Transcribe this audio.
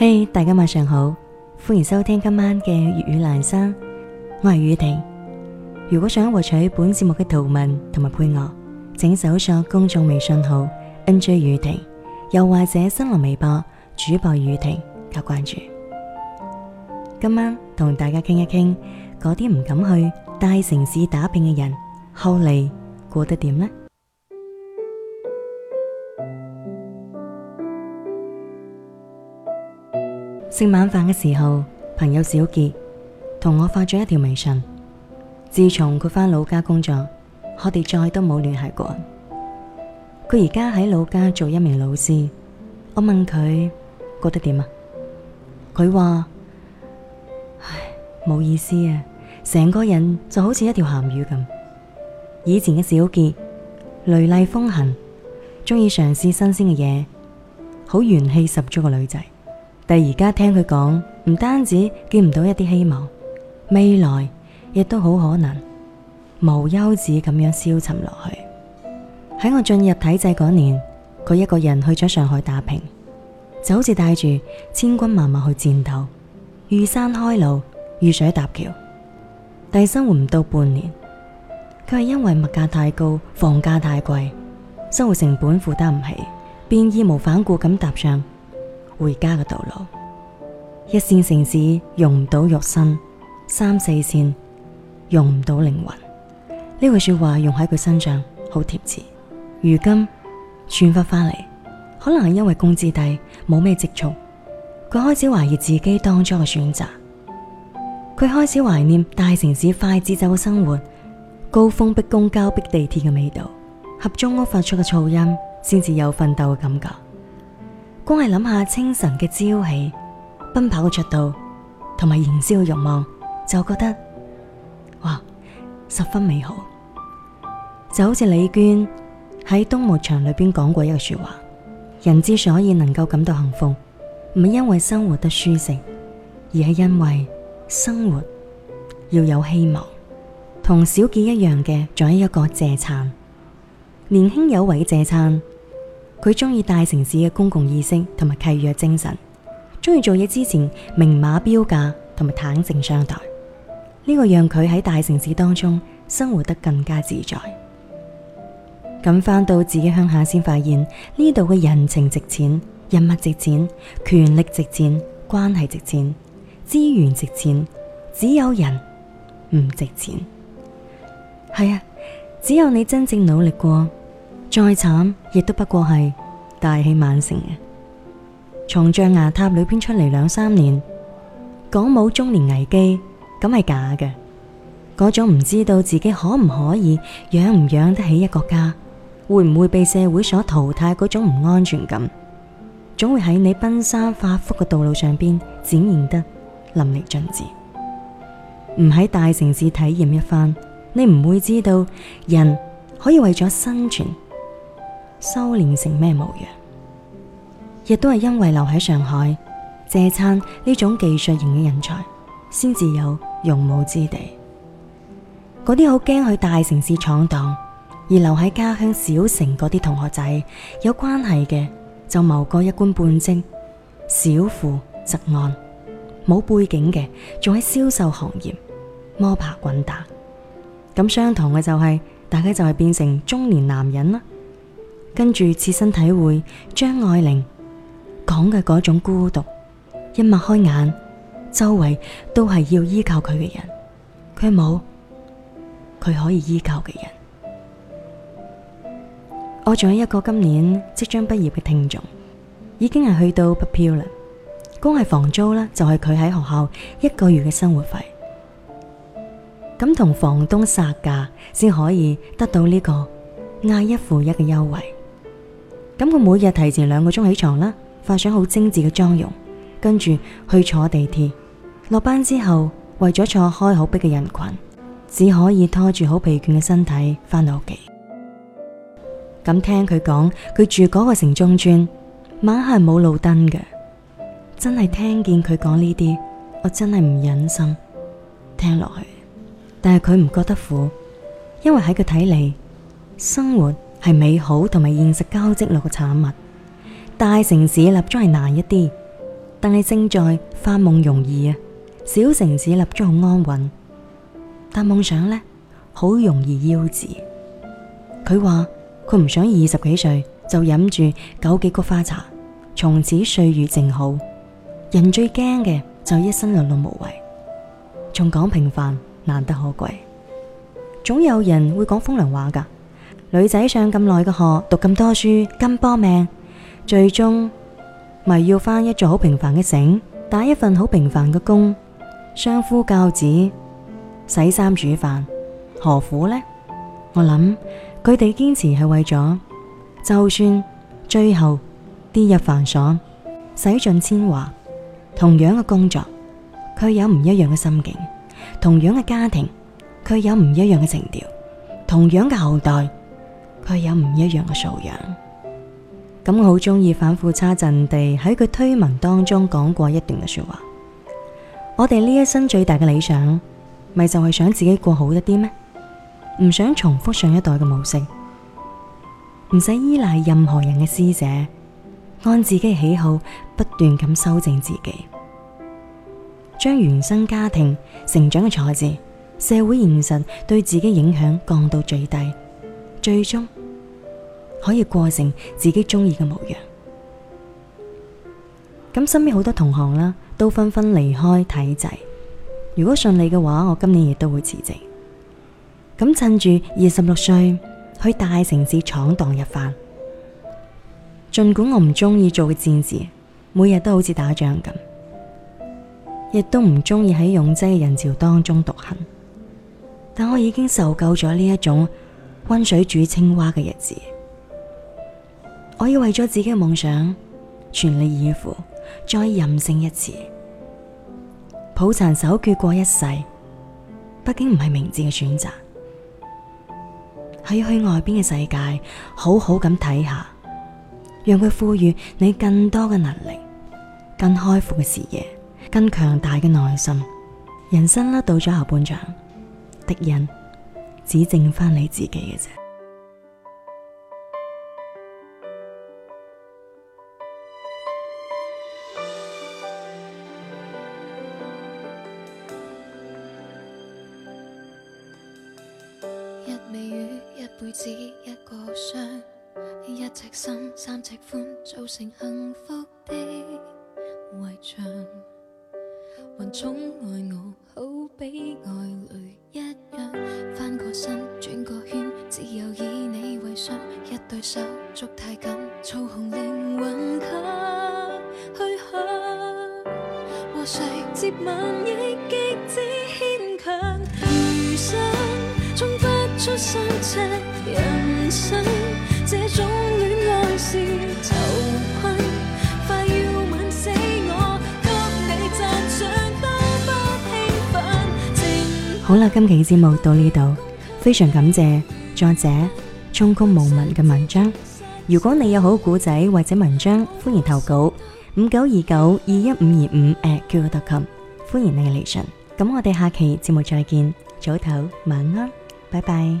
嘿，hey，大家晚上好，歡迎收聽今晚嘅粵語闌珊，我係宇婷。如果想獲取本節目嘅圖文同埋配樂，請搜索公眾微信號 NJ 宇婷，又或者新浪微博主播宇婷加關注。今晚同大家傾一傾，嗰啲唔敢去大城市打拼嘅人，後嚟過得點呢？食晚飯嘅時候，朋友小潔同我發咗一條微信。自從佢返老家工作，我哋再都冇聯繫過。佢而家喺老家做一名老師。我問佢覺得點啊？佢話：唉，冇意思啊！成個人就好似一條鹹魚咁。以前嘅小潔，雷厲風行，鍾意嘗試新鮮嘅嘢，好元氣十足嘅女仔。但而家聽佢講，唔單止見唔到一啲希望，未來亦都好可能無休止咁樣消沉落去。喺我進入體制嗰年，佢一個人去咗上海打拼，就好似帶住千軍萬馬去戰鬥，遇山開路，遇水搭橋。但生活唔到半年，佢係因為物價太高，房價太貴，生活成本負擔唔起，便義無反顧咁踏上，回家嘅道路。一線城市容唔到肉身，三四線容唔到靈魂。呢句說話用喺佢身上好貼切。如今轉翻翻嚟，可能係因為工資低，冇咩積蓄，佢開始懷疑自己當初嘅選擇。佢開始懷念大城市快節奏嘅生活，高峰逼公交逼地鐵嘅味道，合租屋發出嘅噪音，先至有奮鬥嘅感覺。光係諗下清晨嘅朝氣、奔跑嘅速度同埋燃燒嘅欲望，就覺得哇十分美好。就好似李娟喺冬牧場裏邊講過一句說話：人之所以能夠感到幸福，唔係因為生活得舒適，而係因為生活要有希望。同小潔一樣嘅，仲有一個謝燦，年輕有為嘅謝燦。佢中意大城市嘅公共意識同埋契約精神，中意做嘢之前明碼標價同埋坦誠相待。呢個讓佢喺大城市當中生活得更加自在。咁返到自己鄉下，先發現呢度嘅人情值錢，人脈值錢，權力值錢，關係值錢，資源值錢，只有人唔值錢。係啊，只有你真正努力過。再慘，亦都不過係大器晚成嘅。從象牙塔裏邊出嚟兩三年，講冇中年危機，咁係假嘅。嗰種唔知道自己可唔可以養唔養得起一個家，會唔會被社會所淘汰嗰種唔安全感，總會喺你奔三發福嘅道路上邊展現得淋漓盡致。唔喺大城市體驗一番，你唔會知道人可以為咗生存。修煉成咩模樣，亦都係因為留喺上海謝燦呢種技術型嘅人才，先至有用武之地。嗰啲好驚去大城市闖蕩，而留喺家鄉小城嗰啲同學仔，有關係嘅就謀個一官半職，小富則安；冇背景嘅仲喺銷售行業摸爬滾打。咁相同嘅就係、是，大家就係變成中年男人啦。跟住，切身體會張愛玲講嘅嗰種孤獨。一擘開眼，周圍都係要依靠佢嘅人，佢冇，佢可以依靠嘅人。我仲有一個今年即將畢業嘅聽眾，已經係去到不漂啦。光係房租呢，就係佢喺學校一個月嘅生活費。咁同房東殺價先可以得到呢個押一付一嘅優惠。咁佢每日提前兩個鐘起床啦，化上好精致嘅妝容，跟住去坐地鐵。落班之後，為咗錯開好逼嘅人群，只可以拖住好疲倦嘅身體返到屋企。咁聽佢講，佢住嗰個城中村，晚黑係冇路燈嘅。真係聽見佢講呢啲，我真係唔忍心聽落去。但係佢唔覺得苦，因為喺佢睇嚟，生活，係美好同埋現實交織落嘅產物，大城市立足係難一啲，但係勝在發夢容易啊！小城市立足好安穩，但夢想呢，好容易夭折。佢話佢唔想二十幾歲就飲住枸杞菊花茶，從此歲月靜好。人最驚嘅就係一生碌碌無為。仲講平凡難得可貴，總有人會講風涼話噶。女仔上咁耐嘅學，讀咁多書，咁搏命，最終咪要翻一座好平凡嘅城，打一份好平凡嘅工，相夫教子，洗衫煮飯，何苦呢？我諗佢哋堅持係為咗，就算最後跌入繁瑣，洗盡鉛華，同樣嘅工作，佢有唔一樣嘅心境，同樣嘅家庭，佢有唔一樣嘅情調，同樣嘅後代。佢有唔一樣嘅素養，咁我好中意反褲衩陣地喺佢推文當中講過一段嘅說話。我哋呢一生最大嘅理想，咪就係想自己過好一啲咩？唔想重複上一代嘅模式，唔使依賴任何人嘅施捨，按自己喜好不斷咁修正自己，將原生家庭、成長嘅挫折、社會現實對自己影響降到最低。最終可以過成自己中意嘅模樣。咁身邊好多同行啦，都紛紛離開體制。如果順利嘅話，我今年亦都會辭職。咁趁住二十六歲去大城市闖蕩一番。盡管我唔中意做戰士，每日都好似打仗咁，亦都唔中意喺擁擠嘅人潮當中獨行。但我已經受夠咗呢一種。溫水煮青蛙嘅日子，我要為咗自己嘅夢想全力以赴，再任性一次。抱殘守缺過一世，畢竟唔係明智嘅選擇。可以去外邊嘅世界，好好咁睇下，讓佢賦予你更多嘅能力、更開闊嘅視野、更強大嘅內心。人生啦，到咗後半場，敵人。只剩返你自己嘅啫。一尾魚，一輩子，一個傷，一尺深，三尺寬，造成幸福的圍牆。還總愛我，好比愛侶一樣。翻個身，轉個圈，只有以你為上。一對手捉太緊，操控靈魂，給去向和誰接吻，亦極，極之牽強。餘生衝不出三尺，人生這種戀愛是囚困。好啦，今期節目到呢度，非常感謝作者《衷曲無聞》嘅文章。如果你有好古仔或者文章，歡迎投稿五九二九二一五二五，q q 特琴。歡迎你嘅嚟信。咁我哋下期節目再見，早唞晚安，拜拜。